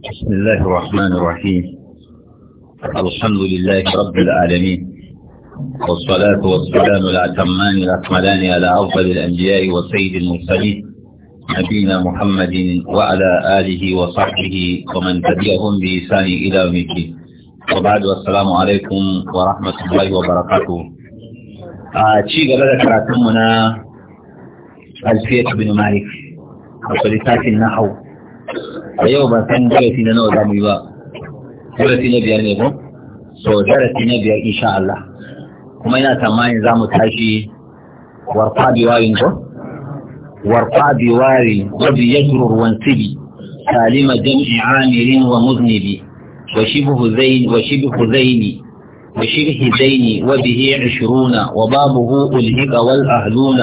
بسم الله الرحمن الرحيم الحمد لله رب العالمين والصلاة والسلام الأتمان الأكملان على أفضل الأنبياء وسيد المرسلين نبينا محمد وعلى آله وصحبه ومن تبعهم بإحسان إلى يوم الدين وبعد والسلام عليكم ورحمة الله وبركاته أتشي آه، قبل كراتمنا karatunmu بن مالك وصلتات النحو a yau ba san darasi na nawa zamu yi ba darasi na biyar ne ko so darasi na biyar insha Allah kuma ina tsammanin zamu tashi warfa biwayin ko warfa biwari wadi ruwan wansibi salima jam'i amirin wa muznibi وشبه زين وشبه زيني وشبه زيني وبه عشرون وبابه ألهق والأهلون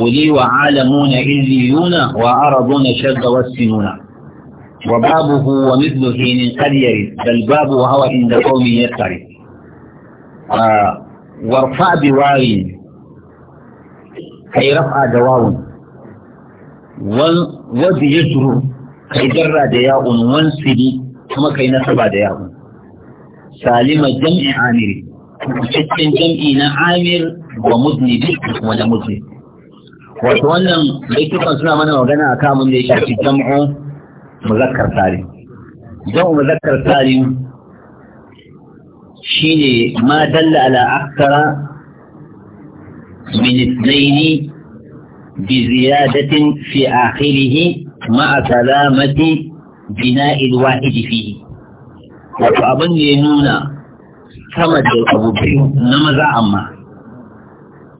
ولي وعالمون إليون وعرضون شد والسنون وبابه ومثله من قدير بل باب وهو عند قوم يقترب وارفع بواو كي رفع دواو وذ يجر كي جر دياء وانسب كما كي نصب دياء سالم جمع عامر cikin جمع عامر amir wa muzni wani muzni wato wannan وغنى اكامل mana جمعه مذكر سالم جمع مذكر سالم شيني ما دل على أكثر من اثنين بزيادة في آخره مع سلامة بناء الواحد فيه وفأظن ينونا كما أبو بريم نمزا أما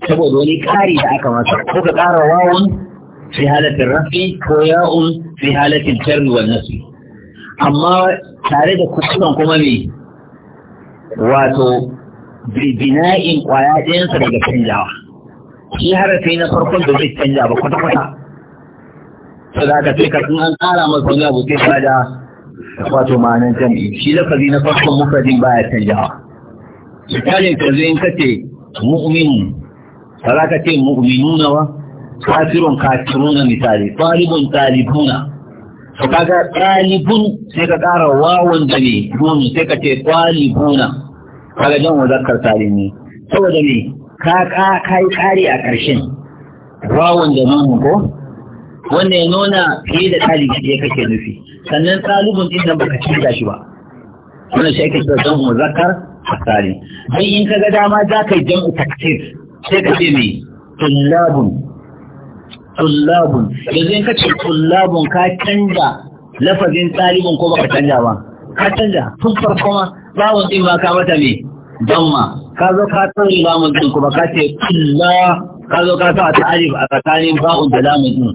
سبب ولي كاري دعاك ما سبب كارواون في هذا الرفي كوياون fi halatin sharri wannan nasi amma tare da kuskuren kuma me wato bina'in kwaya ɗayansa daga canjawa shi harafi na farkon da zai canja ba kwata-kwata su da aka sai kasin an ƙara masa wani abu sai ta da wato ma'anar jam'i shi lafazi na farkon mufradin baya canjawa misalin ka zai in kace mu'min ka za ka ce mu'minuna ba kafirun kafiruna misali ɗalibun ɗalibuna to kaga ɗalibun sai ka kara wawan da ne domin sai ka ce ɗalibuna kaga jan wazakar talimi saboda ne ka ka kai kari a ƙarshen wawan da nan ko Wannan ya nuna fiye da talibi ɗaya kake nufi sannan ɗalibun ɗin nan baka canza shi ba wannan sai ake da jan wazakar talimi don in ka ga dama za ka yi sai ka ce me tullabun tullabun yanzu in ka ce tullabun ka canja lafazin ɗalibin ko baka canja ba ka canja tun farko ma bawon din ma ka mata me damma ka zo ka tsari bawon ɗin kuma ka ce tulla ka zo ka sa ta alif a tsakanin bawon da lamun ɗin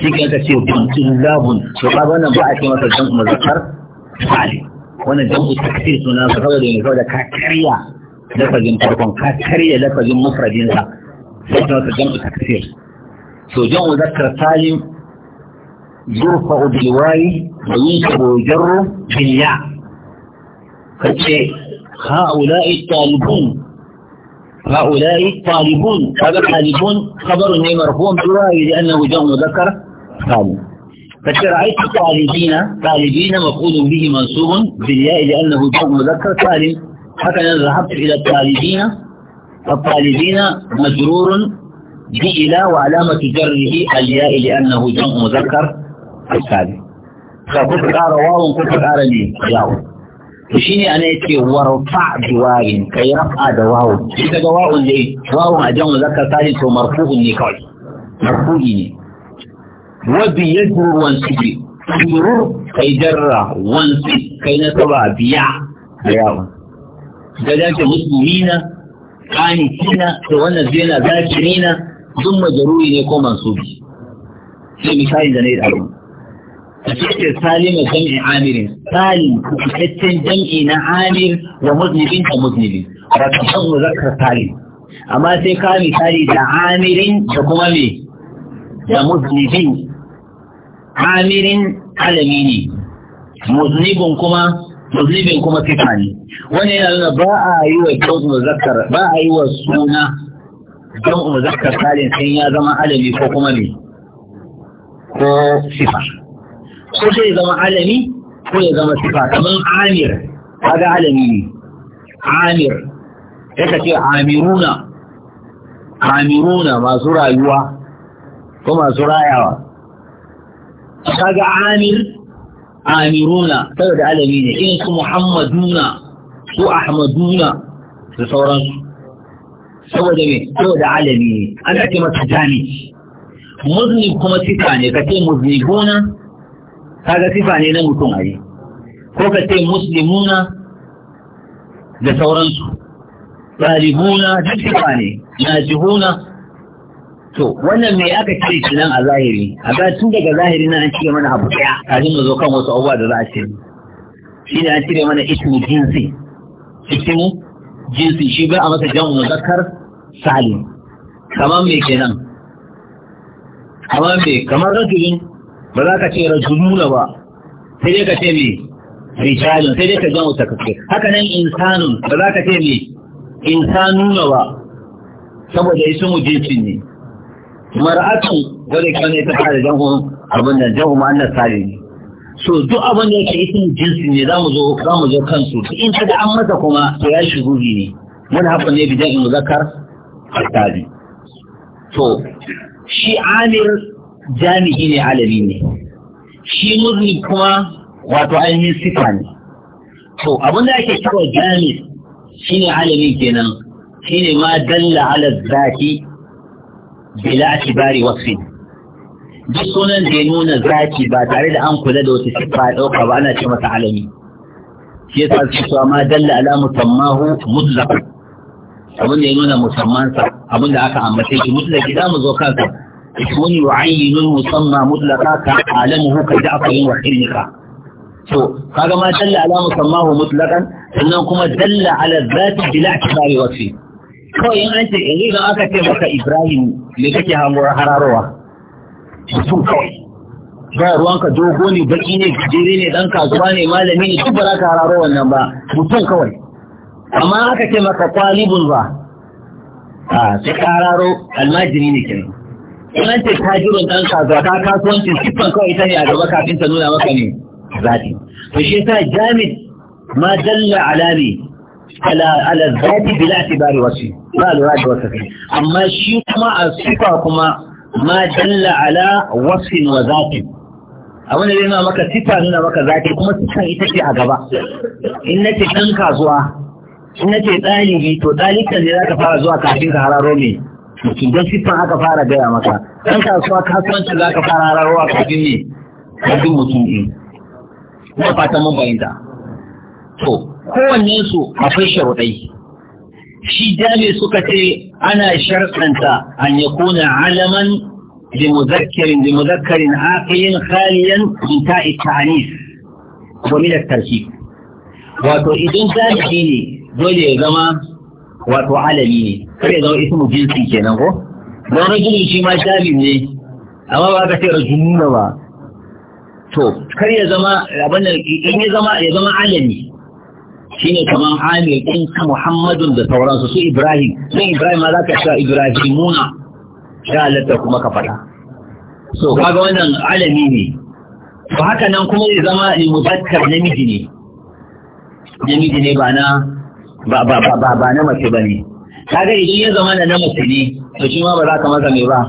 shi ka ka ce tullabun to ka wannan ba a ce masa dan muzakkar salih wannan dan tafsir suna ka saboda ne saboda ka karya lafazin farkon ka karya lafazin mufradin sa sai ka jam'u takfir so ذكر سالم يرفع بالواي وينسب ويجر بالياء هؤلاء الطالبون هؤلاء الطالبون هذا الطالبون خبر انه مرفوع بالواي لانه جمع ذكر سالم فتشي رايت الطالبين طالبين مفعول به منصوب بالياء لانه جمع ذكر سالم هكذا ذهبت الى الطالبين الطالبين مجرور بإلى وعلامة جره الياء لأنه جمع مذكر الثالث فكنت قال واو كنت قال لي ياو وشيني أنا يتي ورفع جوار كي رفع دواو إذا دواو لي واو جمع مذكر ثالث ومرفوع النكوي مرفوعيني وبي يجر وانسجي يجر كي جر وانسج كي نتبع بيع ياو إذا جاءت مسلمين قانتين وانا زينا ذاكرين duk majaruri ne ko mansubi sai misali da na yi ɗaru a cikin salim da jam'i amirin salim fitaccen jam'i na amir da muslimin da muslimin rakatan muzakkar salim amma sai ka misali da amirin da kuma me da muslimin amirin alami ne muslimin kuma muslimin kuma fita ne wannan yana nuna ba a yi wa kyautu muzakkar ba a yi wa suna jam'u muzakkar salim sai ya zama alami ko kuma ne ko sifa ko sai ya zama alami ko ya zama sifa kamar amir kaga alami ne amir ya ka ce amiruna amiruna masu rayuwa ko masu rayawa kaga amir amiruna saboda alami ne in su muhammaduna su ahmaduna da sauransu saboda me saboda alami an ake masa jami muzni kuma sifa ne ka ce muzni gona kaga sifa ne na mutum a yi ko ka ce muslimuna da sauransu ɗalibuna duk sifa ne Na jihuna to wannan me aka ce nan a zahiri a ga tun daga zahiri na an cire mana abu ɗaya. kafin mu zo kan wasu abubuwa da za a ce shi ne an cire mana ismu jinsi ismu jinsi shi bai a masa jan muzakkar salim kamar me kenan kamar me kamar rajulin ba za ka ce rajulula ba sai dai ka ce me rijalun sai dai ka jam'u takaffir haka nan insanun ba za ka ce me insanuna ba saboda mu jinsi ne mar'atun wadda ne ta fara jam'u abin da jam'u ma'anar salim so duk abin da yake isin jinsi ne za mu zo za mu zo kansu in ta da an masa kuma to ya shigo ne wani haka ne bidan in zakar alkali to shi amir jami'i ne alali ne shi murni kuma wato ainihin sifa ne to abin da ake cewa jami shi ne alali kenan shi ne ma dalla ala zaki bila kibari wasfi duk sunan da ya nuna zaki ba tare da an kula da wata siffa ya ɗauka ba ana ce masa alami shi yasa su cewa ma dalla ala musammahu mutlaq abin da ya nuna musamman sa abin da aka ambace shi mutlaq idan mu zo kansa ismun yu'ayyinu musamma mutlaqa ka alamuhu ka ja'farin wa hirnika to kaga ma dalla ala musammahu mutlaqan sannan kuma dalla ala zati bila ikbari wasfi kawai in an ce in aka ce maka Ibrahim me kake hango hararowa mutum kawai ba ruwanka dogo ne baki ne gajere ne dan kasuwa ne malami ne duk ba za ka hararo wannan ba mutum kawai amma aka ce maka kwalibun ba a sai ka hararo almajiri ne kenan in an ce tajirin dan kasuwa ta kasuwancin siffan kawai ita ne a gaba kafin ta nuna maka ne zati to shi yasa jamid ma dalla alami ala ala zati bila tibari wasi ba lura da wasu amma shi kuma a siffa kuma ma dalla ala wasfin wa zatin abin da zai nuna maka sifa nuna maka zafi kuma sifan ita ce a gaba in nace ɗan kasuwa in nace ɗalibi to ɗalibta ne za ka fara zuwa kafin ka hararo me don sifan aka fara gaya maka ɗan kasuwa kasuwancin za ka fara hararo a kafin ne kafin mutum ɗin kuma fata mun bayyanta to kowanne su akwai sharuɗai shi jami suka ce ana sharɗanta an ya kuna alaman da muzakkarin da muzakkarin akayin haliyan ta ita'anis wa milar tarki wato idan jami'i ne dole ya zama wato alami ne kare zama ismu jinsi kenan ko don rajulun shi ma jami'i ne amma ba ka ce rajulun ba to kar ya zama abin da in ya zama ya zama alami shi ne kamar hali ɗin ka muhammadun da sauransu su ibrahim sun ibrahim ma za ka sha ibrahimuna ya halatta kuma ka faɗa so kaga wannan alami ne ba haka nan kuma zai zama ne muzakkar namiji ne namiji ne ba na ba ba ba ba na mace ba ne kaga idan ya zama na mace ne to shi ma ba za ka masa me ba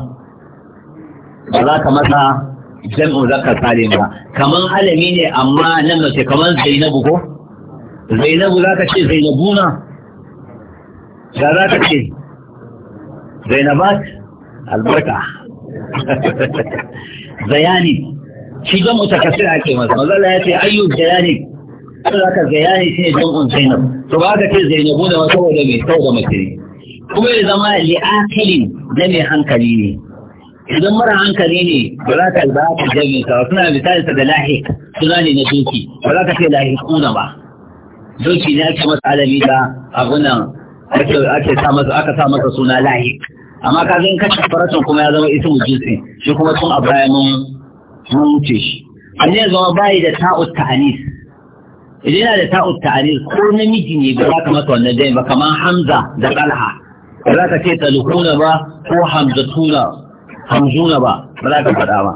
ba za ka masa jam'u zakar salim ba kaman alami ne amma na mace kaman zainabu ko zainabu za ka ce zainabuna ya za ka ce zainabat albarka zayani shi don mutakasir ake masa mazala ya ce ayyub zayani sai za ka zayani shi ne un zainab to ba ka ce zainabu da wata wadda mai sau da mace kuma ya zama li'akilin na mai hankali ne idan mara hankali ne ba za ka ba ka jami'a suna misalinsa da lahik suna ne na doki ba za ka ce lahikuna ba doki ne ake masa alami da abunan ake sa masa aka sa masa suna lahi amma ka zan kashe farashin kuma ya zama ismu jinsi shi kuma tun a baya mun wuce shi an ya zama bayi da ta'ut ta'anis idan yana da ta'ut ta'anis ko namiji ne ba za ka masa wannan dai ba kamar hamza da talha ba za ka ce talukuna ba ko hamzatuna hamzuna ba ba za ka faɗa ba.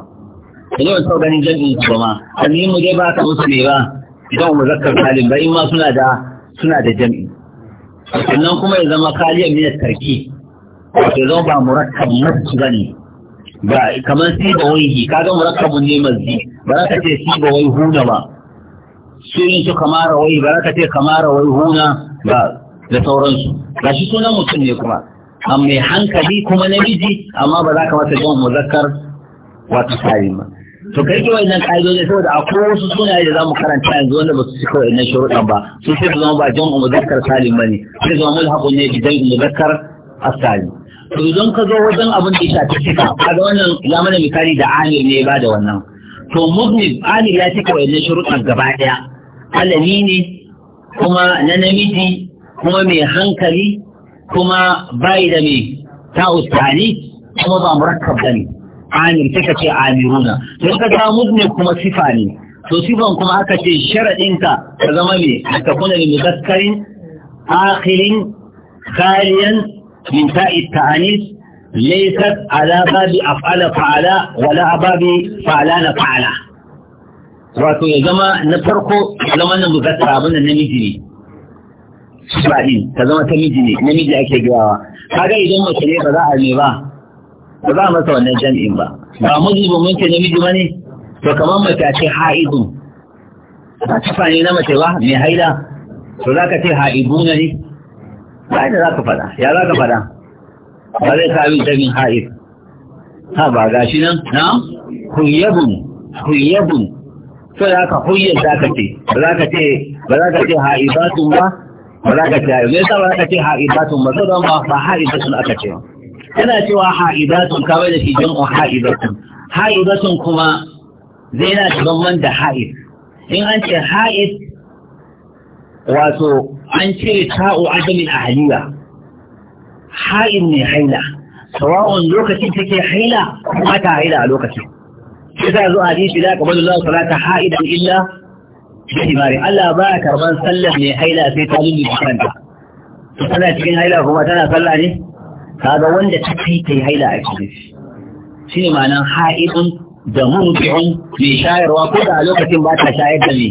Ina wani sau ganin jami'in su ba ma, sannan mu dai ba ka musu ne ba, idan muzakkar salim ba in ma suna da suna da jam'i sannan kuma ya zama kaliyan ne tarki wato zama ba murakkab masji gani? ba kamar si ba hi, kaga murakkabun ne mazi ba za ka ce si ba wai huna ba su yin su kamara wai ba za ka ce kamara wai huna ba da sauransu ga shi sunan mutum ne kuma amma mai hankali kuma namiji amma ba za ka wata jan muzakkar wata salim ba to kai ke wa'annan ƙa'idodi saboda akwai wasu sunaye da za mu karanta yanzu wanda ba su ci kawai nan shuruɗan ba su sai su zama ba jan muzakkar salim ba ne sai zama mulhaƙun ne bi jan muzakkar asali to idan ka zo wajen abin da ya shafi cika kaga wannan ya mana misali da amir ne ba da wannan to mubni amir ya cika wa'annan shuruɗan gaba ɗaya alami ne kuma na namiji kuma mai hankali kuma bai da mai ta'ustani kuma ba murakkab da ne amir sai ka ce amiruna don ka ga mudne kuma sifa ne to sifan kuma aka ce sharadin ka ka zama ne ka kuna ne muzakkarin akhirin khaliyan min ta'i ta'anis laysat ala babi af'ala fa'ala wala babi fa'ala na fa'ala wato ya zama na farko zama na muzakkar abin da namiji ne sifa din Ka zama ta miji ne namiji ake gawa kaga idan mace ne ba za a ne ba ba za a masa wannan jam'in ba ba mujibin mun ce namiji ba ne to kamar mace a ce ha'idun ba ta ne na mace ba mai haida to za ka ce ha'iduna ne ba da za ka faɗa ya za ka faɗa ba zai kawo jamin ha'id ha ba gashi nan na huyyabun huyyabun to da ka huyyar za ka ce ba za ka ce ba za ka ce ha'idatun ba ba za ka ce me yasa ba za ka ce ha'idatun ba So saboda ba ha'idatun aka ce ba yana cewa ha'idatun kawai da shi jam'u ha'idatun ha'idatun kuma zai na daban da ha'id in an ce ha'id wato an ce ta'u adamin ahaliya ha'id ne haila sawa'un lokacin take haila kuma ta haila a lokacin sai ta zo hadisi da kamar Allah salata ha'idan illa bihimari Allah ba karban sallah mai haila sai ta lullu kanta tana cikin haila kuma tana sallah ne kaga wanda ta kai ta yi haila a cikin shi shi ne ma'anar ha'idun da mumfi'un mai shayarwa ko da a lokacin ba ta shayar da mai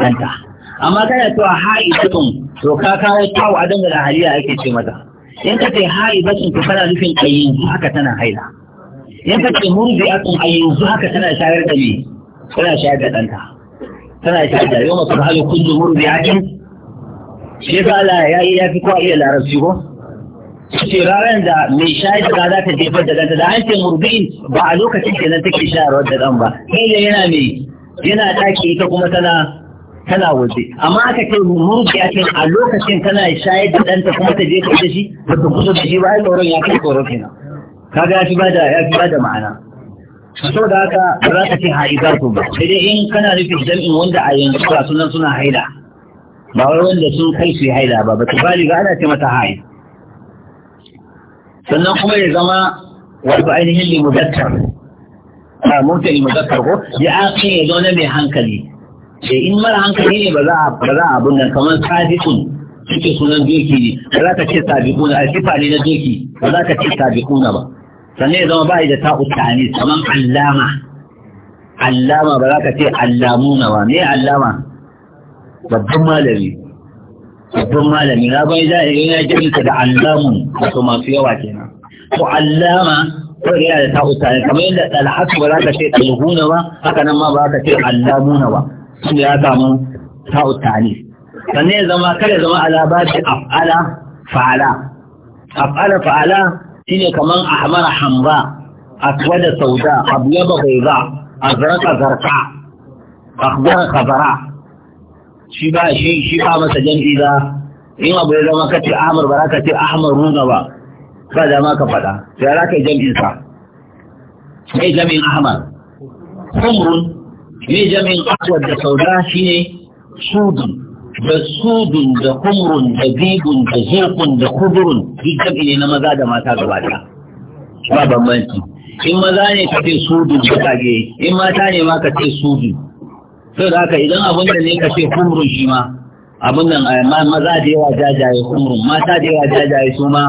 kanta amma kana cewa ha'idun to ka kawo tawo a dangana haliya ake ce mata in ka ce ha'ibatun to kana nufin a yanzu haka tana haila in ka ce murbi'atun a yanzu haka tana shayar da mai tana shayar da ɗanta tana shayar da yau masu halin kullum murbi'atun shi ya Allah ya yi ya fi kowa iya larabci ko ce ranar da mai shayar da za ta jefar da ganta da an murbi ba a lokacin da nan take shayarwar da ɗan ba kila yana mai yana ɗaki ita kuma tana tana waje amma aka ce murbi a cikin a lokacin tana shayar da ɗanta kuma ta je da shi ba ta kusa da shi ba ai tsoron ya kai tsoro kenan kaga ya fi bada ya fi bada ma'ana da haka ba za ka ce haizatu ba sai dai in kana nufin jam'in wanda a yanzu ba sunan suna haila ba wai wanda sun kai su yi haila ba ba ta bali ba ana ce mata haila sannan kuma ya zama wato ainihin limudakkar a mutane mudakkar ko ya ake ya zaune mai hankali sai eh, in mara hankali ne ba za a ba za a abin nan kamar sadiqun suke sunan doki ne ba za ka ce sabiquna a sifa ne na doki ba za ka ce sabiquna ba sannan ya zama ba da ta'u ta'ani kamar allama allama ba za ka ce allamuna ba ne allama babban malami babban malami na bai za a yi na jirka da allamun wato masu yawa kenan to allama kawai yana da ta'uta ne kamar yadda alhassu ba za ka ce ɗalhuna ba haka nan ma ba za ka ce allamuna ba sun ya samu ta'uta ne sannan ya zama kada zama alababi af'ala fa'ala af'ala fa'ala shine kamar ahmara Hamza, aswada sauda abyaba bayda azraka Zarka, akhbara khazara shi ba shi shi ba masa jam'i ba in abu ya zama kace Ahmad ba ka ce Ahmad Runa ba ba da ma ka faɗa sai za ka yi jam'in sa sai jam'in Ahmad Umrun. ne jam'in aswad da sauda shine sudun da sudun da kumrun da zibun da zokun da kudurun duk jam'i ne na maza da mata gaba ɗaya ba bambanci in maza ne ka ce sudun ka tage in mata ne ma ka ce sudun sai da haka idan abin da ne ka ce humrun shi ma abin nan eh, maza da yawa jajaye humrun mata da yawa jajaye su ma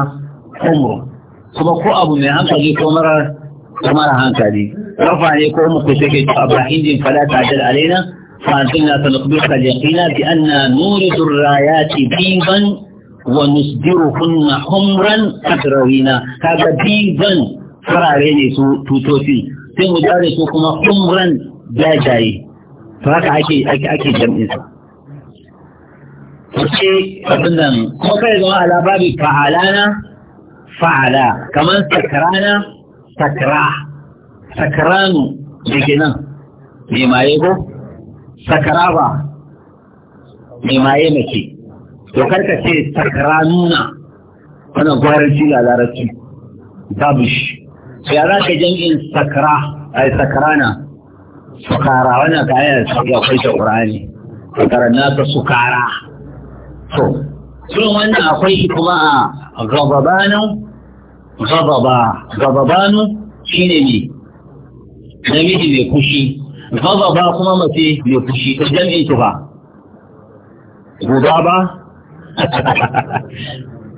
humrun kuma ko abu mai hankali ko mara mara hankali rafa ne ko muku ce ke abrahim din fala ta dal alaina fa antina sanqbiqa yaqina bi anna nuridu rayati biban wa nusdiruhunna humran kadrawina kaga biban farare ne su tutoci sai mu dare su kuma humran jajaye to haka ake ake ake jam'in ce abin nan kuma kai zama ala babi fa'alana fa'ala kamar sakarana? Sakara. Sakaranu. da ke nan mai maye ko Sakara ba mai maye mace to ka ce sakaranuna. wannan gwaranci da larabci babu shi ya za ka jam'in sakara? ai sakarana. sukara wannan kayan ya akwai ta ƙurani na ta sukara to sun wannan akwai shi kuma a gababanu gababa gababanu shine ne namiji mai kushi gababa kuma mace mai kushi ta jami'in ki ba guda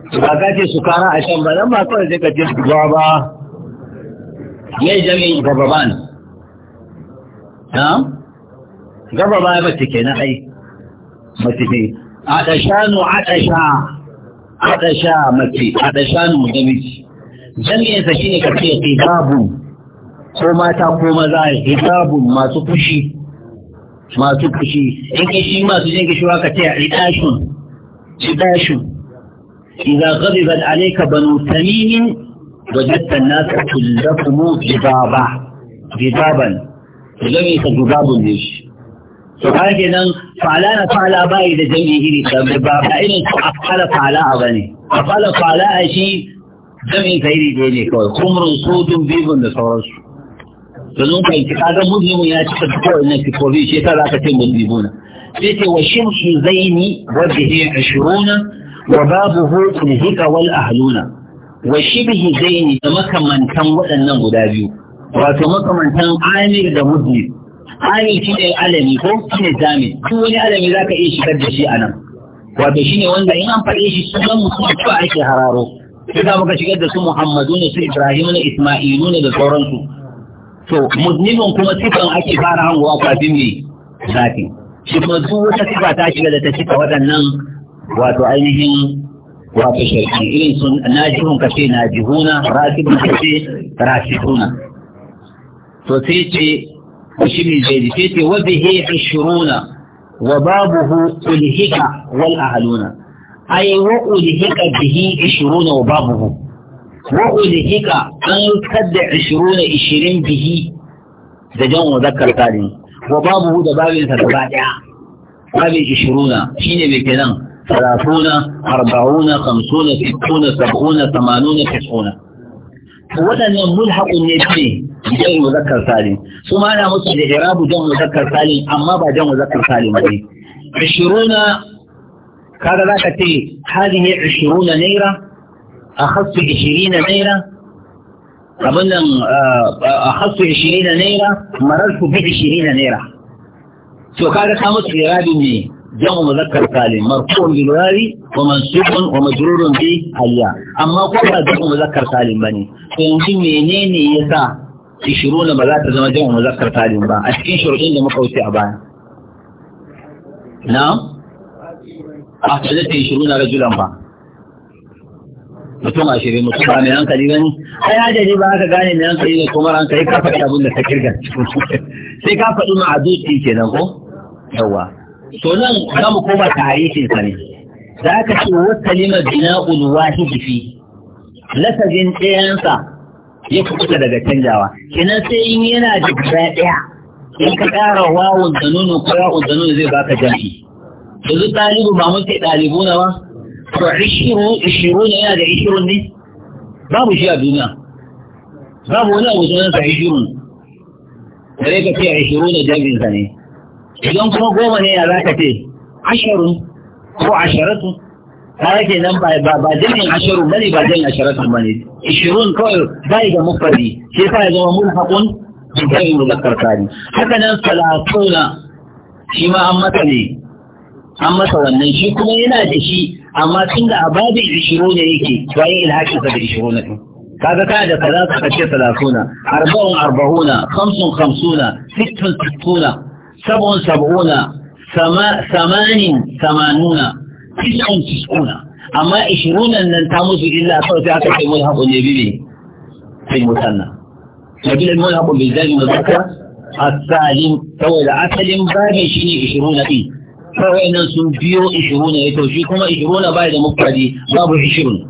ba ba ka ce sukara a shan ba nan ba kawai zai ka ce guda ba mai jami'in gababan gaba baya mace ke na ai mace ne adashanu adasha adasha mace adashanu namiji jami'insa shi ne kafiya hijabun ko mata ko maza hijabun masu kushi. masu kushi. in shi masu jin kishiwa ka ce idashun idashun idza ghadibat alayka banu tamim wajadta an-nasa mu jibaba jibaban jami'i sa babu ne shi to kaga kenan fala na fala bai da jami'i iri sabbi ba ba irin su afala fala bane afala fala shi jami'i sa iri ne kawai kumrun sudun bibun da sauransu domin kai ki kaga muslimu ya ci fata na sifofi shi yasa zaka ce muslimuna sai ce wa shimshi zaini wa bihi 20 wa babuhu tilhika wal ahluna wa shibhi zaini da makamantan waɗannan guda biyu wato makamantan amir da mudni amir shi ne alami ko shi ne zami duk wani alami za ka iya shigar da shi a nan wato shi ne wanda in an faɗe shi sunan mutum ba ake hararo sai za ka shigar da su muhammadu ne su ibrahim ne isma'ilu ne da sauransu to mudnibin kuma sifan ake fara hangowa kafin mai zafi shi kuma duk wata sifa ta shiga da ta cika waɗannan wato ainihin wato shirki irin sun najihun kace najihuna rasibun kace rasibuna to sai ce shi ne zai ce ce wanda ya yi shiruna wa babu hu ulhika wal ahaluna ai wa ulhika bihi shiruna wa babu hu wa ulhika an kadda shiruna 20 bihi da jan wa zakar tarin wa babu hu da babin sa gaba daya babin shiruna shine mai kenan 30 40 50 60 70 80 waɗannan mulhaƙun ne ce jan muzakkar salim su ma na musu da irabu jan muzakkar salim amma ba jan muzakkar salim ba ne ashiruna kaga za ka ce ne ashiruna naira a hasu ishirina naira abin nan a hasu ashirina naira mararku bi ishirina naira to kaga ka musu irabu ne جمع مذكر سالم مرفوع بالواو ومنصوب ومجرور بالياء اما كما جمع مذكر سالم بني فيمكن منين يسا 20 ba za ta zama jama'a muzakkar salim ba a cikin shuruɗin da muka wuce a baya na a tsaye ta 20 rajulan ba mutum ashirin mutum ba mai hankali gani ai adadi ba aka gane mai hankali ne kuma ranka yi ka faɗi abin ka kirga sai ka faɗi ma a zuci kenan ko yawa to nan za mu koma hadisin sa ne za ka ce wa kalimar bina'ul wahidi fi lafazin ɗayansa ya kuka daga canjawa kenan sai in yana da guda ɗaya in ka ƙara wawun da nono ko ya'un da nono zai baka jami'i yanzu ɗalibu ba muke ɗalibu na ba to ishiru ishiru ne yana da ishiru ne babu shi a duniya babu wani abu sunan sa ishirun sai ka ce ishiru da jami'in sa ne idan kuma goma ne ya zaka ce ashirin ko asharatu kare ke nan ba jirgin jami'in ashirin bane ba jirgin asharatu bane ishirin kawai bai ga mufari ke sa ya zama mulhaqun bi jami'in muzakkar tari haka nan salatuna shi ma an masa ne an masa wannan shi kuma yana da shi amma tun da ababin ashirin ne yake bayan ilhakinsa da ashirin na ɗin kaga ka da kaza ka ce salatuna arba'un arba'una khamsun khamsuna sittun sittuna سبع سبعون ثمان ثمانون تسع تسعون أما عشرون أن تاموس إلا أصوات أكثر في ملحق النبي في المثنى نبيل الملحق بالزاج مذكر السالم سوى العسل بابي شيني عشرون فيه فوين سنبيو عشرون يتوشيكم عشرون بعد مفردي باب عشرون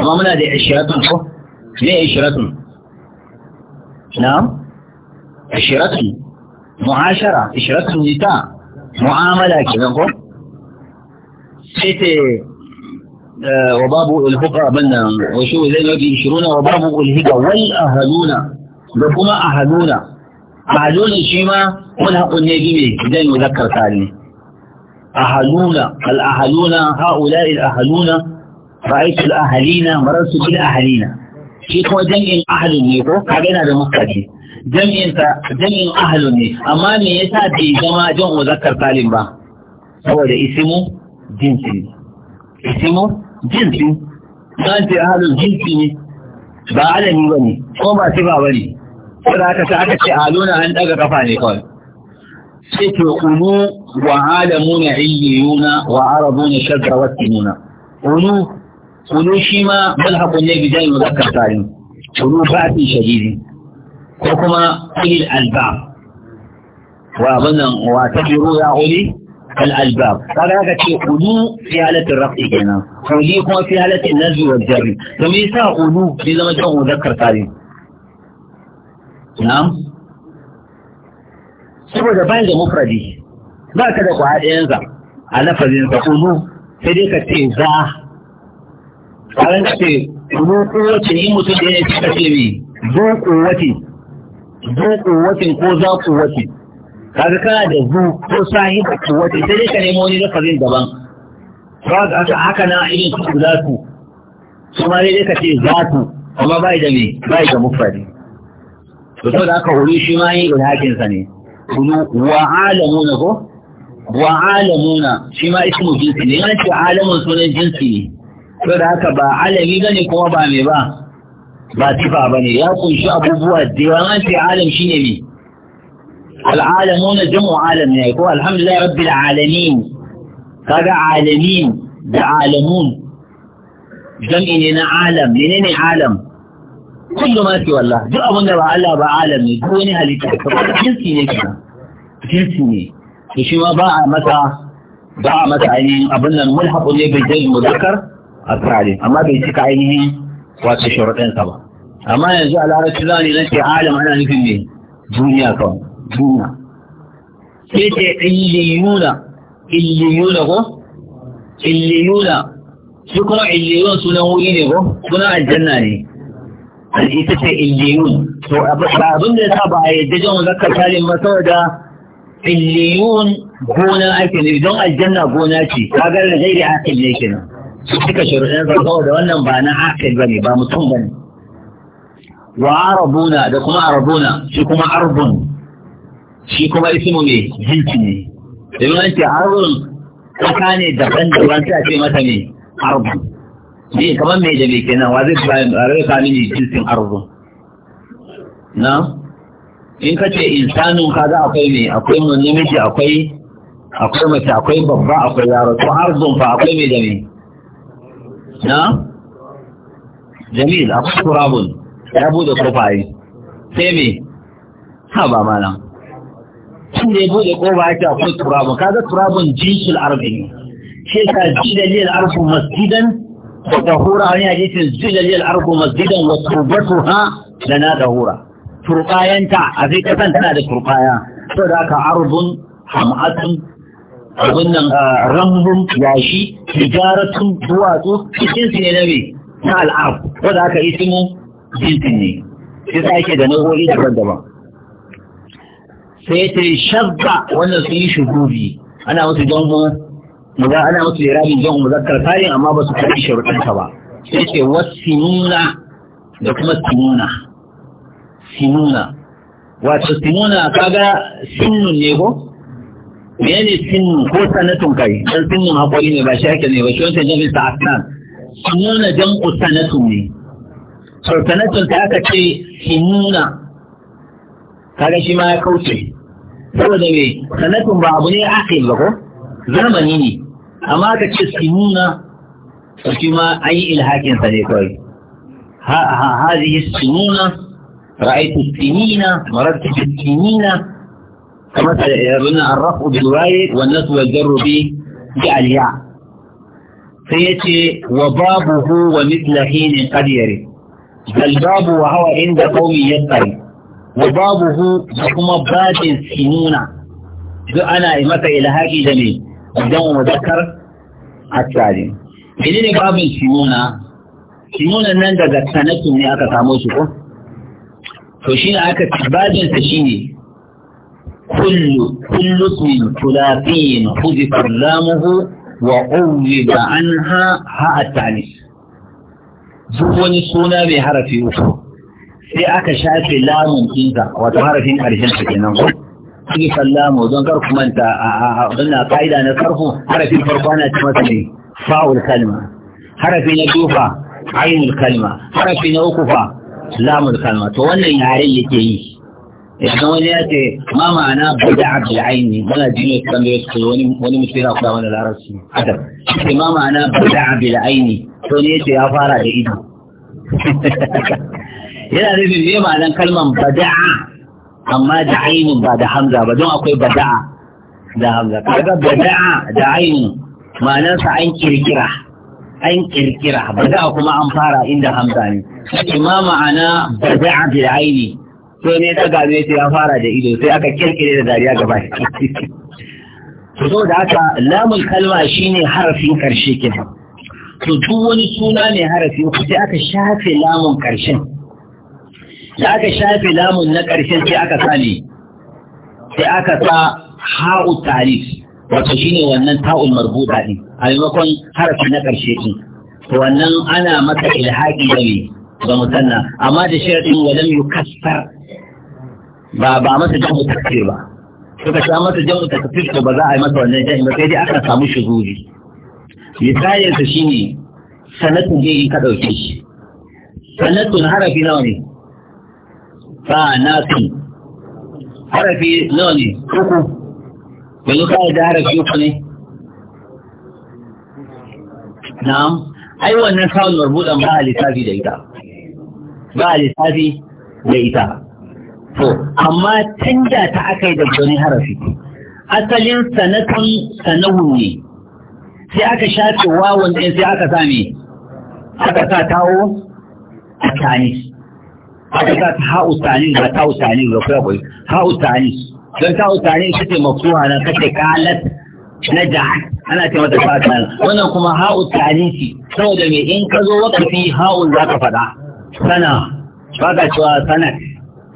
أما من هذه عشرة ما عشرة نعم عشرة mu'ashara ishiratun jita mu'amala kenan ko sai ta eh, wa babu ulhuka abin nan wasu zai mafi shiruna wa babu ulhuka wal ahaluna da kuma ahaluna ba dole shi ma wani haƙon ne gine zai yi zakar tare ahaluna al'ahaluna ha'ulari al'ahaluna ra'aitul ahalina marar su bil ahalina shi kuma jan'in ahalin ne ko kaga yana da mutane jami'insa jami'in ahalun ne amma me yasa bai zama jan muzakkar salim ba saboda isimu jinsi ne isimu jinsi ba ce ahalun jinsi ne ba alami ba ne ko ba sifa ba ne saboda haka sai aka ce aluna an daga kafa ne kawai sai ke unu wa alamuna illiyuna wa arabuna shadda wa sinuna kunu Unu shi ma balhaqun ne bi jami'in muzakkar salim unu ba fi shadidi ko kuma ulil albab wa wannan wa ta tabiru ya uli al albab kaga ka ce ulu fi halatin rafi kenan uli kuma fi halatin nazwi wal jarri to me yasa ulu bai zama jan muzakkar salim na'am saboda bayan da mufradi ba ka da kwa ɗayansa a lafazin ka ulu sai dai ka ce za kaga ka ce ulu kowace in mutum da ya ce ka ce me zo kowace zu kuwatin ko za ku wace kaga kana da zu ko ku wace sai dai ka nemo wani lafazin daban kaga aka haka na irin su za su kuma dai ka ce za ku. amma bai da me bai da mufari to saboda aka hori shi ma da hakin sa ne kuma wa alamuna ko wa alamuna shi ma ismu jinsi ne yana ce alamun sunan jinsi ne saboda haka ba alami bane kuma ba me ba ba sifa ba ne ya kunshi abubuwa da yawa ce alam shi ne ne na jam'u alam ne ko alhamdulillah rabbil alamin kaga alamin da alamun jam'i ne na alam ne alam kullu ma fi wallah duk abin da ba Allah ba alam ne duk wani halitta kamar jinsi ne kenan jinsi ne to shi ma ba a masa ba a masa ainihin abin nan mulhaqu ne bai jami'u mudakkar a tsare amma bai cika ainihin wato sharuɗinsa ba amma yanzu a larabci za ne na ce alam ana nufin ne duniya kawai duniya sai ce illiyuna illiyuna ko illiyuna shi kuma illiyun sunan wuri ne ko sunan aljanna ne ita ce illiyun to abin da ya sa ba a yadda jan zakar talin ba saboda illiyun gona ake ne don aljanna gona ce kagar da zai da hakan ne kenan su suka shirin zarkawa da wannan ba na hakan ba ne ba mutum ba ne wa arabuna da kuma arabuna shi kuma arbun shi kuma ismu ne jinsi ne domin an ce arbun kasa ne daban-daban sai a ce mata ne arbun ne kamar mai da mai kenan wa zai bayan rai kami ne jinsin arbun na in ka ce sanin ka za akwai ne akwai mun namiji akwai akwai mace akwai babba akwai yaro to arbun fa akwai mai da mai na jamil akwai turabun ya bude yi. sai me ha ba malam su ne bude kofa ya ce akwai turabun kaga turabun jinsul arbi shi da liyar arfu masjidan da hura wani da liyar arfu masjidan wa ha turbatuha lana tahura turbayanta a zai kasan tana da turbaya da haka arbun hamatun abin nan ah, rambun yashi tijaratun duwatsu cikin su ne na me na al'ab wanda aka yi simu jinsin ne shi sa yake da nau'o'i daban-daban sai ta shabba wannan sun yi shugubi ana musu jangon maza ana musu irabin jangon muzakkar tarin amma ba su karbi sharuɗansa ba sai ce sinuna da kuma sinuna sinuna wato sinuna kaga sinnun ne ko mene sinnun ko sanatun kai dan sinnun hakuri ne ba shi ake ne ba shi wancan jami'in sa'atan jan jam'u sanatun ne sultanatulta aka ce hinuna kaga shi ma ya kauce saboda me sanatun ba abu ne aqil ba ko zamani ne amma aka ce sinuna to shi ma ayi ilhakin sa ne kawai ha ha hadhihi sinuna ra'aytu sinina marartu sinina kama yabna eh, arrafu bil wayi wan nasu wal jarru bi bi aliya sai yace wa babuhu wa mithla hin qad bal babu wa hawa inda ya yasari wa babuhu da kuma babin sinuna duk ana yi masa ilhaqi da ne dan mudakkar asali menene babin sinuna sinuna nan daga sanatu ne aka samo shi ko to shi ne aka babin sa shine kullu kullu ismin thulathiyyin hudifa lamuhu wa uwida anha ha'a tanis duk wani suna mai harafi uku sai aka shafe lamun ɗinsa wato harafin ƙarshen sa kenan ko shi sallamu don kar ku manta a wannan ka'ida na sarfu harafin farko ana ce masa ne fa'ul kalma harafi na biyu fa ainul kalma harafi na uku fa lamul kalma to wannan yaren yake yi yanzu wani ya ce ma ma'ana bada abdul aini muna ji ne kan da ya ce wani wani mutum yana kula wani su adam ce ma ma'ana bada abdul aini to ne yace ya fara da ido yana da zai me ma'anan kalman bada'a amma da ainin ba da hamza ba don akwai bada'a da hamza kaga bada'a da ainin ma'anarsa an kirkira an kirkira bada'a kuma an fara inda hamza ne ce ma ma'ana bada'a bil sai ne ta gane sai ya fara da ido sai aka kirkire da dariya gaba to saboda haka lamun kalma shine harafin karshe kenan to duk wani suna ne harafi ku sai aka shafe lamun karshen da aka shafe lamun na karshen sai aka sa ne sai aka sa ha'u talif wato shine wannan ta'ul marbuta din a maimakon harafi na karshe din to wannan ana maka ilhaqi da me ba musanna amma da sharadin walam yukassar ba ba masa jamu takfir ba suka sha masa jamu takfir to ba za a yi masa wannan jami'i ba sai dai aka samu shuhuri misalin sa shine sanatun ne ka dauke shi sanatun harafi nawa ne fa nasun harafi nawa ne uku yanzu ka da harafi uku ne na'am ai wannan kawun marbudan ba a lissafi da ita ba a lissafi da ita to amma canja ta aka yi da wani harafi asalin sanatun sanahu ne sai aka shafe wawan ɗin sai aka sa me aka sa tawo a tani aka sa ta ha'u tani ga ta'u tani ga kuwa kwai ha'u tani don ta'u tani ita ce mafuwa na kace kalat na ja'ad ana ce mata ta'u tani wannan kuma ha'u tani ce saboda me in ka zo wakafi ha'un za ka faɗa sana ba ka cewa sanat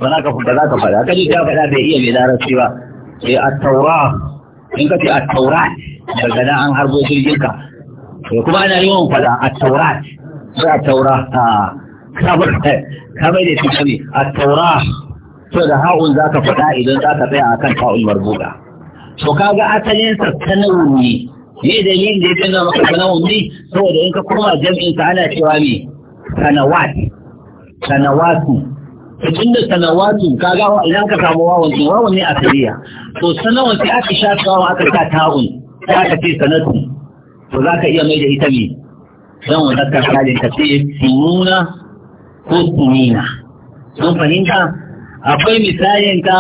ba za ka ba za ka faɗa ka ji ta faɗa bai iya mai larabci ba sai eh, a taura in ka ce a taura daga nan an harbo jirgin ka eh, kuma ana yawan faɗa a taura sai a taura ah, ka bai eh, da tuka ne a taura to da ha'un za ka faɗa idan za ka tsaya a kan ta'un marbuɗa to ka kaga asalinsa sanarwa ne ne dalilin da ya canza maka sanarwa ne saboda in ka koma jam'in ka ana cewa me sanawat sanawatu tun da sanawatu ka gawa idan ka samu wawan to wawan ne a tariya to sanawan sai aka tsawon aka sa ta'un sai aka ce sanatu to za ka iya mai da ita ne don wanda ka kalin ka ce sununa ko sunina don fahimta akwai misalin ka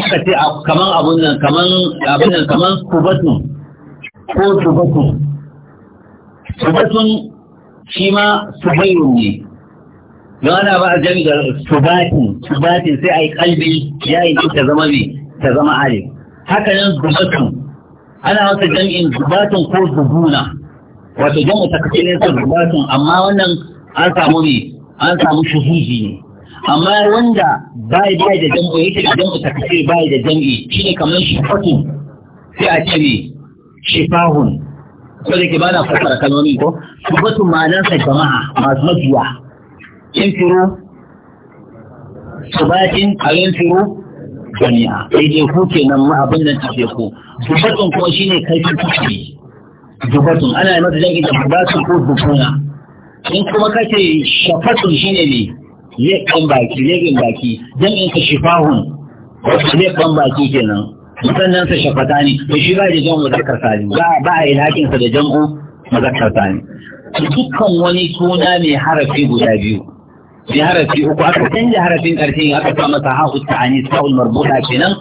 suka ce kaman abin nan kaman kubatun ko subatun subatun shi ma subairun ne don ana ba a jami'a tubatin tubatin sai a yi kalbi ya yi ta zama mai ta zama alif haka nan zubatun ana wata jami'in zubatun ko zubuna wato jami'a ta kashe ne zubatun amma wannan an samu ne an samu shuhuji ne amma wanda bai biya da jam'o yake da jami'a ta ba bai da shi ne kamar shifatun sai a ce ne shifahun ko da ke bana fasara kalmomi ko zubatun ma'anarsa jama'a masu mabiya infiru subatin a infiru jami'a sai dai ku kenan ma abin da ta ku dubatun kuma shine kaifin tafi dubatun ana yi mata jami'i da dubatun ko dubuna in kuma kace shafatun shine ne leƙen baki leƙen baki jami'in ka shifahun wasu leƙen baki kenan musannan sa shafata ne to shi ba da jan muzakkar sani ba a ilhakin sa da jan'u muzakkar sani dukkan wani suna mai harafi guda biyu mai harafi uku aka canja harafin ƙarshen aka sa masa ta ta'ani sa'ul marbuta kenan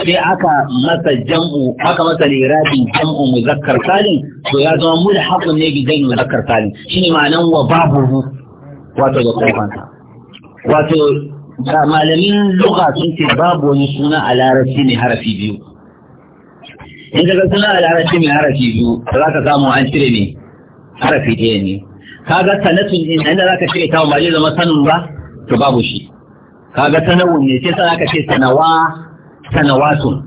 sai aka masa jam'u aka masa lirafin jam'u muzakkar salim to ya zama mu da haƙun ne bi jam'u muzakkar salim shine ma'anan wa babu wato da kofanta wato da malamin lugha sun ce babu wani suna a larabci ne harafi biyu in ka ga suna a larabci mai harafi biyu za ka samu an cire ne harafi ɗaya ne kaga sanatun in inda zaka ce ta ba zai zama sanin ba to babu shi kaga sanawun ne sai zaka ce sanawa sanawatun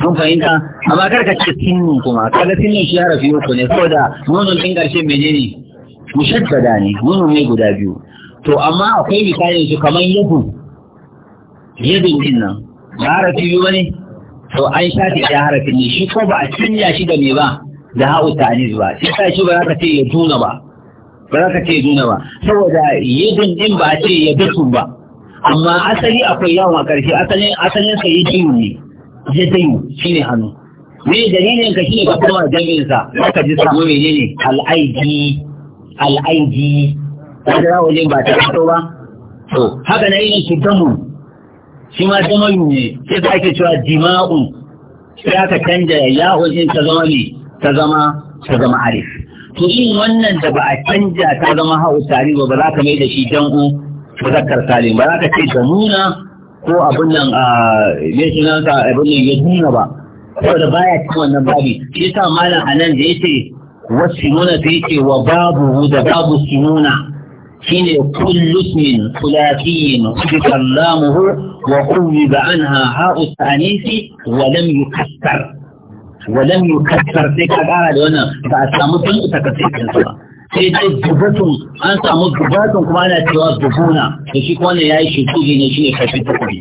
mun fahimta amma kar ka ce sinni kuma kaga sinni shi harafi ko ne saboda nunun din karshe menene mushaddada ne nunun ne guda biyu to amma akwai misalin su kamar yadu yadun din nan ba harafi biyu bane to an shafe ya harafin ne shi ko ba a canja shi da me ba da ha'u ta'anis ba sai sa shi ba za ka ce ya tuna ba ba za ka ce nuna ba saboda yidin din ba ce ya dasu ba amma asali akwai yawon a ƙarshe asalin asalin sa yidin ne ya dayu shine hannu me dalilin ka ne ka kuma jami'in sa ka ji samu ne al'aiji al'aidi ka ga wajen ba ta fito ba to haka na yi kitamu shi ma zama ne sai ka ake cewa jima'u sai aka canja ya wajen ta zama ne ta zama ta zama arif to yin wannan da ba a canja ta zama hausari ba ba za ka mai da shi jan'u muzakkar salim ba za ka ce nuna ko abin nan a ya sunanka abin nan ya nuna ba saboda baya cikin wannan babi shi yasa malam anan da yace wasimuna ta yace wa babu da babu simuna shine kullu ismin thulathiyyin dhikra lamuhu wa qawwi anha ha'u ta'nisi wa lam yukassar walam yukassar sai ka kara da wannan ba a samu sun isa ka sai ba sai dai dubatun an samu dubatun kuma ana cewa dubuna. da shi kuma ya yi shekuji ne shi ne kafin takobi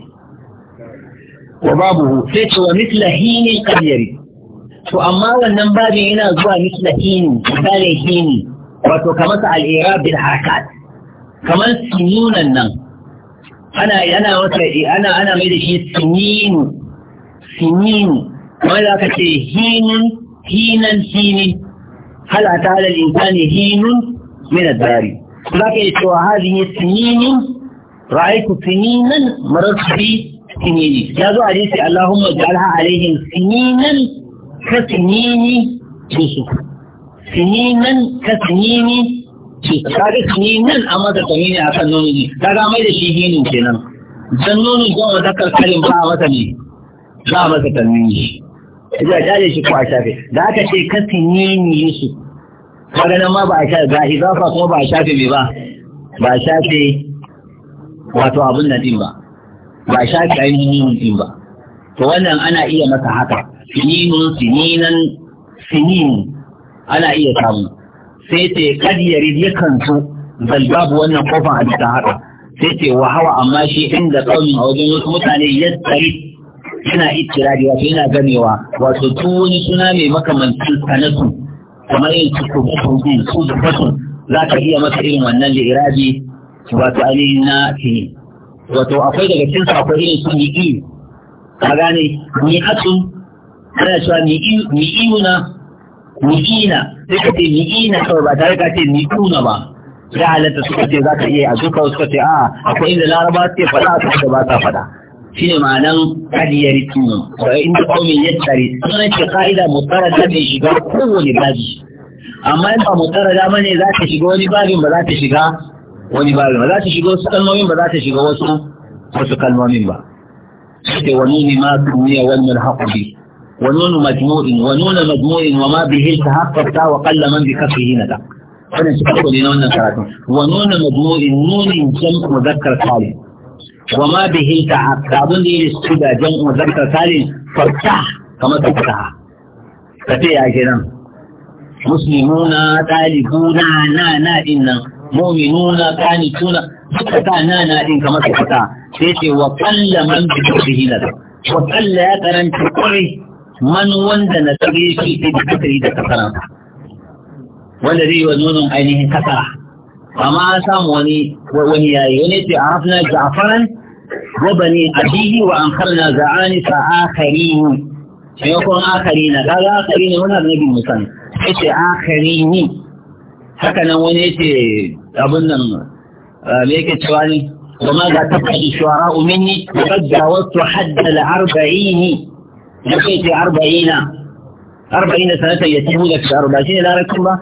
wa babu sai cewa mitla hini karyari to amma wannan babin yana zuwa mitla hini misalin hini wato kamar sa al'ira bil harakat kamar sinunan nan ana ana wata ana ana mai da shi sininu sininu wanda aka ce hinun hinan hini hal ata ala al-insani hinun min ad-dari zaka yi cewa ne sininin ra'aytu sininan marartu bi sinini ya zo hadisi Allahumma ij'alha alaihim sininan ka sinini yusuf sininan ka sinini kaga sininan a masa kamini a kan nono ne kaga mai da shi hinin kenan dan nono goma zakar kalin ba a masa ne za a masa kalmini ya kyale shi ko a shafe da aka ce ka sinini su kaga nan ma ba a shafe ba izafa kuma ba a shafe me ba ba a shafe wato abun nan din ba ba a shafe ainihin din ba to wannan ana iya masa haka sininun sininan sinin ana iya samu sai ce kadiyar yarid yakan so zalbabu wannan kofar a bisa haka sai ce wa hawa amma shi inda kaumin a wajen wasu mutane ya tsari yana itirari wato yana ganewa wato tun wani suna mai makamancin sanatu kamar yin cikin hukun su da batun za ka iya masa irin wannan da irabi wato ainihin na fiye wato akwai daga cikin akwai irin su ni iyu ka gane ni atun ana cewa ni iyu na ni ina sai ka ce ni ina kawai ba tare ka ce ni una ba da halatta suka ce za ka iya a zuka suka ce a akwai inda laraba ce faɗa suka ba ta faɗa shi ne ma'anan kadiyar tunan da inda kome ya tsare sunan ce ka'ida mutara ta bai shiga kowane babi amma in ba mutara da ne za ta shiga wani babin ba za ta shiga wani babin ba za ta shiga wasu kalmomin ba za ta shiga wasu wasu kalmomin ba sai wani ne ma tumiya wannan haƙuri ونون مجموع ونون مجموع وما به تحققت وقل ne na wannan karatun. لنا ونون مجموع nunin جمع مذكر سالم wa ma bihi ta da abin da ya su da jam'u zakka salim farta ta fata ka ce ya kenan na na din nan mu'minuna qanituna suka ta na na din kamar ta sai ce wa man bi bihi la ya karanta kuri man wanda na shi da da ta wanda zai yi wa ainihin kasara amma an samu wani wani yayi wani ce a hafna ja'faran wa bani abihi wa an na za'ani fa akharini sai kun akharina kaga akharina wannan annabi musan yace akharini haka nan wani yace abun nan ah, me yake cewa ne وماذا تفعل الشعراء مني وقد جاوزت حد الأربعين لقيت أربعين أربعين سنة يتهم لك أربعين لا ركبة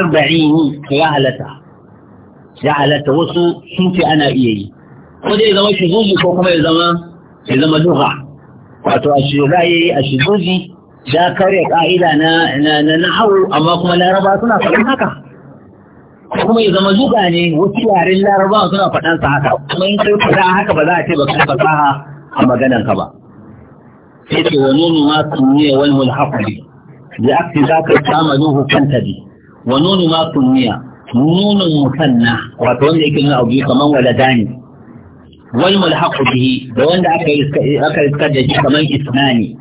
أربعين يا هلتا ya halatta wasu sun ce ana iya yi ko dai zama shuzuzi ko kuma ya zama ya zama duha wato a shiga ya yi a shuzuzi ya karya ka'ida na na hau amma kuma laraba suna faɗin haka kuma ya zama zuga ne wasu yaren laraba suna faɗan sa haka kuma in kai faɗa haka ba za a ce ba kai fasaha a maganan ka ba sai ce wa nunu ma sunniya wani mulhaqu bi da aka za ka kama nuhu kanta bi wa nunu ma sunniya nunun musanna wato wanda yake nuna abu kaman waladani wal mulhaqu bihi da wanda aka yi aka iskar da shi kaman isnani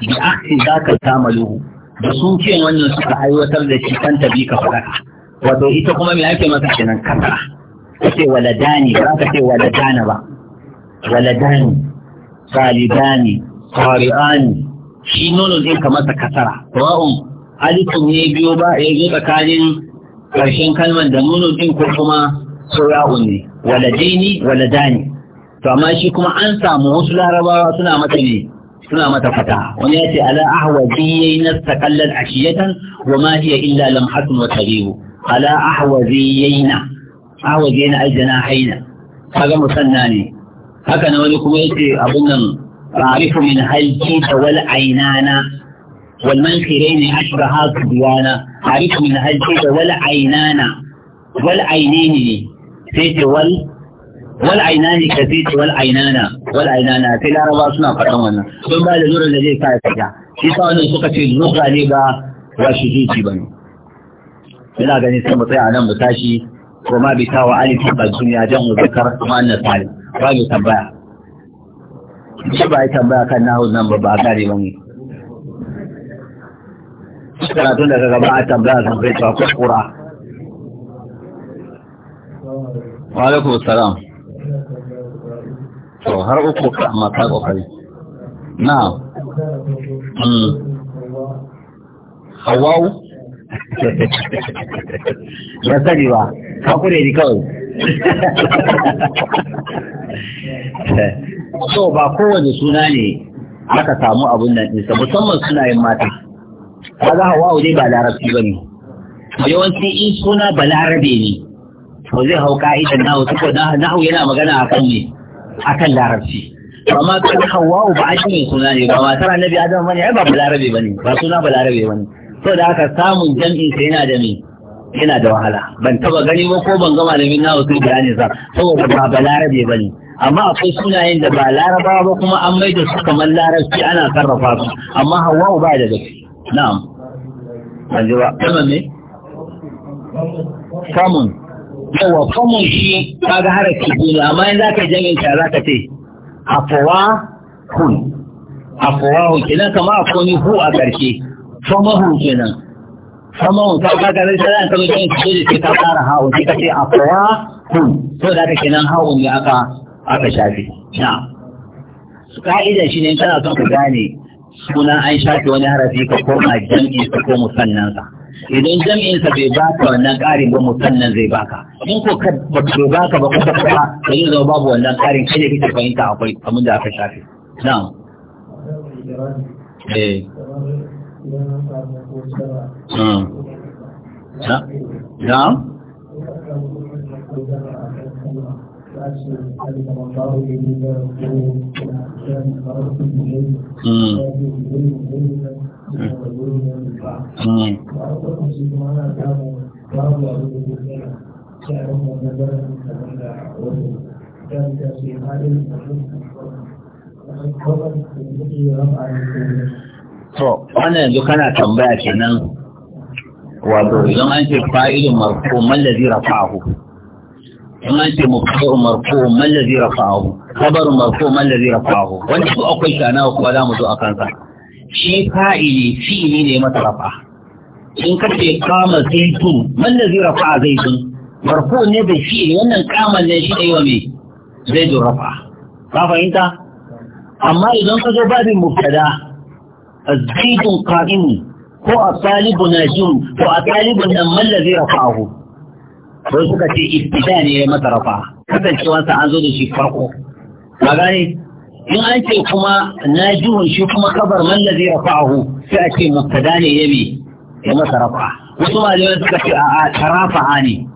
bi akhi zaka tamalu da sun ce wannan suka aiwatar da shi kan tabi ka fara wato ita kuma me ake masa kenan kasa ce waladani ba ka ce waladana ba waladani salidani qari'ani shi nunun din ka masa kasara wa'un alifun ne biyo ba ya zo tsakanin ƙarshen kalmar da nunu ɗin ko kuma sura'un ne Wala waladaini waladani to amma shi kuma an samu wasu larabawa suna mata ne suna mata fata wani ya ce ala ahwazi na takallal ashiyatan wa ma hiya illa lamhatun wa tarihu ala ahwazi na ahwazi na aljana haina kaga musanna ne haka na wani kuma yace abun nan ta'rifu min halki halji wal ainana wannan tsere ne ashirin haka duwana a rikin hajji da wal ainana wal ainini ne ka ce wal ainana wal sai laraba suna faɗan wannan don ba da zuwa da zai kai kaja shi sa wannan suka ce zuwa ne ba wa shi zuci ba ne ina gani sai mu nan mu tashi ko ma bi tawa alifi ba duniya mu zakar kuma ba mu tambaya shi ba ai tambaya kan nahu nan ba ba gare ba karatun daga gaba a tambaya sun kai cewa kuskura wa alaikum salam to har uku amma ta kokari na hmm. hawau ya sani ba hakure ni kawai so ba kowane suna ne aka samu abin nan nisa musamman suna yin mata kaga hawa dai ba larabci ba ne yawanci in suna ba larabe ne to zai hau ka'idan nahu saboda nahu yana magana a kan ne a kan larabci amma kan hawa ba a ne suna ne ba matar annabi adam bane ai ba balarabe ne, ba suna balarabe bane saboda haka samun jam'in sa yana da ne. yana da wahala ban taba gani ba ko ban gama da min nahu sun bayani sa saboda ba balarabe ne. amma akwai sunayen da ba larabawa ba kuma an maida su kamar larabci ana sarrafa su amma hawa ba da gaske na'am an ji ba wannan ne common yawa common shi ta ga haraki biyu amma yanzu aka jami'in ta za ka ce afuwa hun afuwa hun kenan kama a akwai hu a ƙarshe famahun kenan famahun ta kaga zai sai an kama jami'in da ce ta fara hawa sai ka ce afuwa hun to da ka kenan hawa ne aka shafi na ka'idar shi ne kana son ka gane sunan an shafe wani harafi ka koma jam'insa ko musannansa idan jam'insa bai baka wannan ƙarin ba musannan zai baka in ko ka bai baka ba kuka kuma ka yi zama babu wannan ƙarin kai ne kake fahimta akwai abin da aka shafe na'am eh na'am na'am To, wani yanzu kana tambaya kenan, wato, idan an ce marko, mallazi rafa kuma ce mubtadi'un marfu man ladhi rafa'ahu khabarun marfu man ladhi rafa'ahu wanda su akwai shana kuma za mu zo a kansa shi fa'ili fi'ili ne masa rafa in ka ce kama zaitun man ladhi rafa'a zaitun marko ne da fi'ili wannan kaman ne shi ne wa me zaitun rafa ka fahimta amma idan ka zo babin mubtada' الزيت قائم هو الطالب ناجم هو الطالب من الذي رفعه ko suka ce ibtida ne ya masa rafa kasancewarsa an zo da shi farko ba gane in an ce kuma na juhun shi kuma kabar mallazi rafa'ahu sai a ce mubtada ne ya me ya masa rafa wasu malamai suka ce a'a rafa'a ne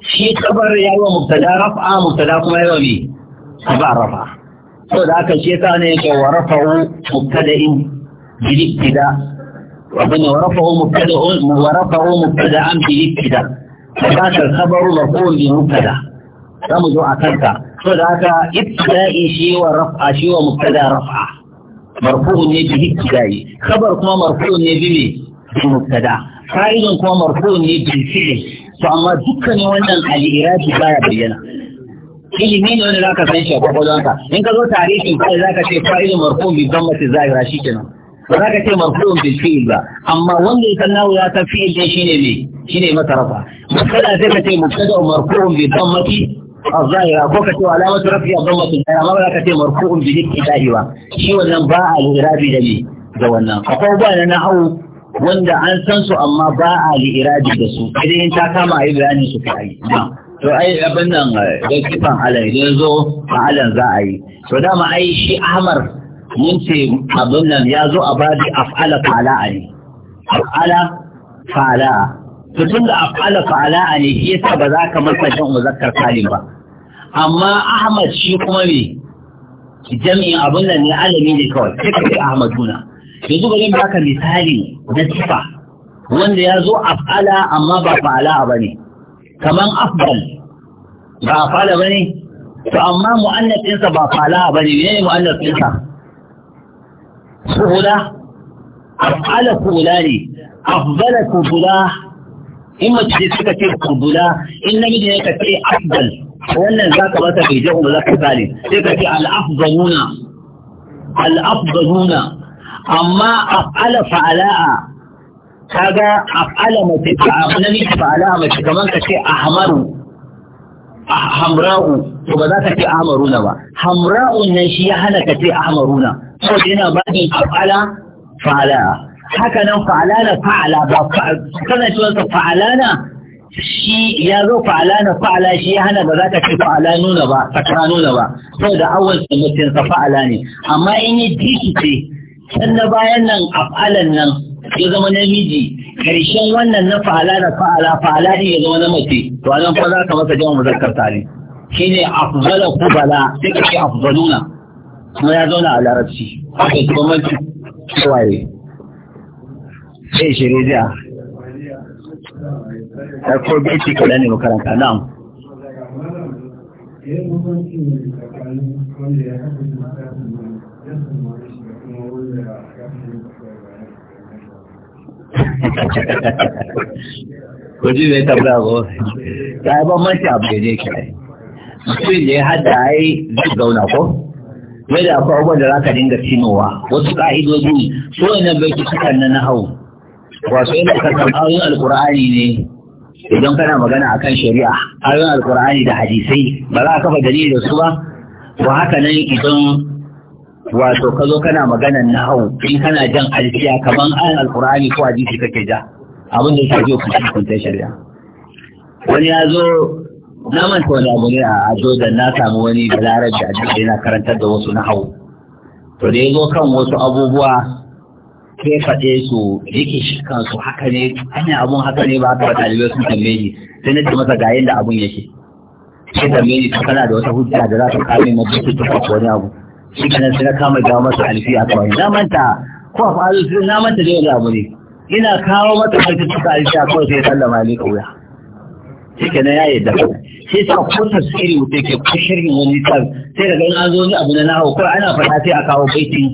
shi kabar ya yi wa mubtada rafa'a mubtada kuma ya yi wa ba kabar rafa da aka ce ta ne yake wa rafa'u mubtada'in bil ibtida wa bin wa rafa'u mubtada'un wa rafa'u mubtada'an bil ibtida ذاك الخبر مقول za mu zo a kanta So da haka ibtida'i shi wa raf'a shi wa mubtada raf'a marfu'un ne bi ibtida'i Kabar kuma marfu'un ne bi ne bi mubtada fa'ilun kuma marfu'un ne bi fi'il to amma dukkanin wannan al-irabi baya bayyana ilimi ne wanda zaka san shi a kwakwalwanka in ka zo tarihin kai zaka ce fa'ilun marfu'un bi dhammati zahira shikenan ba za ka ce marfu'un bil fi'il ba amma wanda ya san nawo ya san fi'il din shine me shine masa rafa mubtada sai ka ce mubtada marfu'un bi dammati الظاهرة فوق علامة رفع ضمة الظاهرة ما بلا كتير مرفوع بالابتداء وا شي wannan ba a irabi da ni da wannan akwai ba na na'u wanda an san su amma ba a irabi da su idan ta kama a yi bayanin su kai to ai abin nan eh, da kifan alai idan zo a alan za a yi to dama ai shi ahmar mun ce abin nan ya zo a bada af'ala fa'ala ne af'ala fa'ala to tun da afala fa'ala ne shi yasa ba za ka masa jan muzakkar salim ba amma ahmad shi kuma me jami'in abun nan ne alami ne kawai sai ka ce ahmad suna yanzu bari in baka misali na sifa wanda ya zo afala amma ba fa'ala ba ne Kamar afdal ba afala ba ne to amma mu'annafinsa ba fala ba ne ne mu'annafinsa suhula afala kula ne afdala kula in mace ce suka ce kubula in namiji ne ka ce afdal wannan za ka masa bai jahu za ka zale sai ka ce al'afdaluna al'afdaluna amma af'ala fa'ala'a kaga af'ala mace fa'ala namiji fa'ala'a mace kamar ka ce ahmaru hamra'u to ba za ka ce ahmaruna ba hamra'un nan shi ya hana ka ce ahmaruna saboda yana bani af'ala fa'ala'a haka nan fa'alana fa'ala ba wata fa'alana shi ya zo fa'alana fa'ala shi ya hana ba za ka ce fa'ala nuna ba sakara nuna ba da awon mutum sa fa'ala ne amma in yi jiki ce can na bayan nan af'alan nan ya zama namiji karshen wannan na fa'alana fa'ala fa'ala ne ya zama na mace to nan fa za ka masa jama muzakkar tare shine afzala kubala sai ka afzaluna kuma ya zauna a larabci haka kuma mace waye zai shirye jiya ko beci kaɗan ne makaranta nan. ko ji zai tabbata ko ta yi bambanci abu da ne kira mutum da ya hada ya yi zai zauna ko yadda akwai abubuwan da za ka dinga tinowa wasu ƙa'idodi so ina bai ki sukan na hau. wasu ina kasan ayoyin alkur'ani ne idan kana magana a kan shari'a ayoyin alkur'ani da hadisai ba za a kafa dalili da su ba ba haka nan idan wato ka zo kana magana na hau in kana jan alfiya kamar ayoyin alkur'ani ko hadisi kake ja abin da yake zo kuntar shari'a wani ya zo na manta wani abu ne a ajo da na samu wani balarabi a jirgin yana karantar da wasu na nahau to da ya zo kan wasu abubuwa sai faɗe su rike shi kansu haka ne hanyar abun haka ne ba haka ba talibai sun tambaye ni sai na ce masa ga yadda abun yake sai tambaye ni kana da wata hujja da za ta kame na duk ta kafa wani abu shi kana sai na kama gawa masa alfi a kawai na manta ko fa alu sai na manta da abu ne ina kawo masa alfi suka alfi a kawai sai ya sallama ne kauya shi kana ya yadda sai sa ko tafsiri mutum ke ko shirin wani kan sai daga an zo ni abu na nahawu ko ana faɗa sai a kawo baitin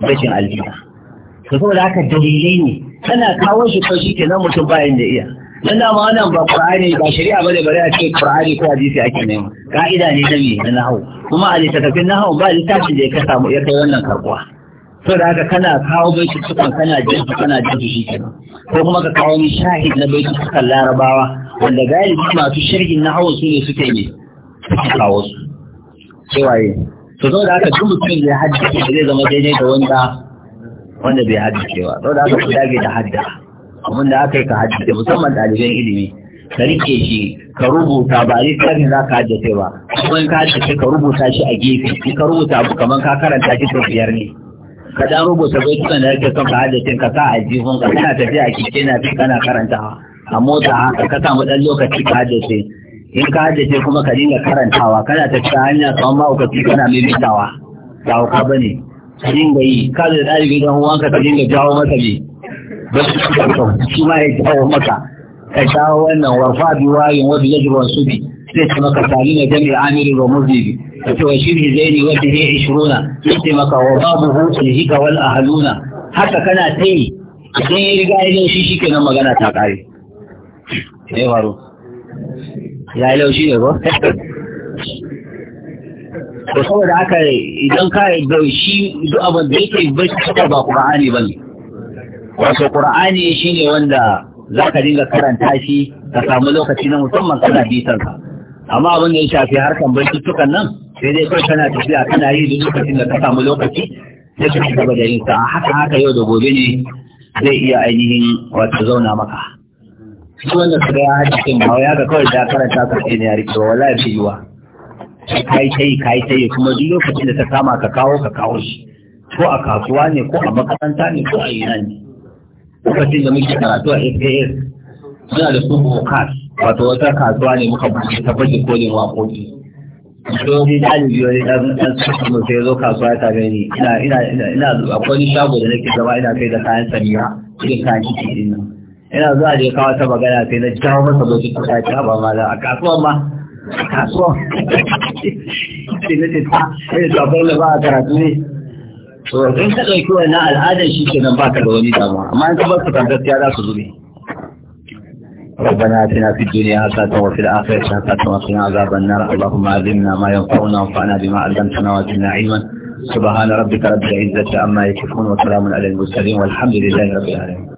baitin alfiya to saboda haka dalilai ne kana kawo shi ko shi kenan mutum bayan da iya Nan da ma wannan ba qur'ani ba shari'a da bari a ce qur'ani ko hadisi ake nema ka'ida ne da me na nahwu kuma a littafin nahwu ba littafin da ya samu ya kai wannan karbuwa saboda haka kana kawo baiti sukan kana jinsu kana jinsu shi kenan ko kuma ka kawo ni shahid na baiti sukan larabawa wanda galibi masu shirgin nahwu su ne suke ne kawo su sai waye to saboda haka duk mutum ya haddace zai zama daidai da wanda wanda bai haddace cewa, sau da aka ku dage da hadda abin da aka yi ka haddace musamman ɗaliban ilimi ka rike shi ka rubuta ba littafin za ka haddace ba kuma ka haddace ka rubuta shi a gefe in ka rubuta abu kamar ka karanta shi sau biyar ne ka dan rubuta bai baitukan da yake son ka haddace ka sa a jihun ka kana tafiya a kike na fi kana karantawa a mota haka ka samu ɗan lokaci ka haddace in ka haddace kuma ka dinga karantawa kana tafiya hanya kamar ma'aukaci kana maimaitawa ba ka bane ka dinga yi ka da ɗalibi don wanka ka dinga jawo masa ne ba su ka shi ma ya jawo maka ka jawo wannan warfa biwayin wasu yajirwan su bi sai ce maka tali na jami'a amirin romuzi bi ka ce wa zai ne wadda ne ishiruna sai ce maka wa babu hutun hika wal ahaluna haka kana ta yi idan ya riga ya laushi shi kenan magana ta kare. Ne waro. Ya yi laushi ne ba? to saboda haka idan ka da shi duk abin da yake bai saka ba ne. Wasu wato qur'ani shine wanda za ka dinga karanta shi ka samu lokaci na musamman kana bitar ka amma abin da ya shafi bai bincitukan nan sai dai kai kana tafiya kana yi duk lokacin da ka samu lokaci sai ka gaba da yin sa haka haka yau da gobe ne zai iya ainihin wato zauna maka shi wanda kaga ya hajji kin ba ya ga kawai da karanta ka sai ne ya rike wallahi fi yiwa Ka yi kai kai kai kai kuma duk lokacin da ta kama ka kawo ka kawo shi ko a kasuwa ne ko a makaranta ne ko a ina ne lokacin da muke karatu a F.A.S muna da su bukas wato wata kasuwa ne muka buɗe ta fage kolin waƙoƙi Domin ɗalibi wani ɗan ɗan sassan mutu ya zo kasuwa ya tare ni ina ina ina ina akwai ni shago da nake zama ina kai da kayan samira irin kayan ciki ɗin nan. Ina zuwa da ya kawo ta magana sai na jawo masa lokacin ta ta ba ma a kasuwan ma ربنا اتنا في الدنيا حسنه وفي الاخره حسنه وقنا عذاب النار اللهم علمنا ما ينفعنا وانفعنا بما علمتنا وزدنا علما سبحان ربك رب العزه عما يصفون وسلام على المرسلين والحمد لله رب العالمين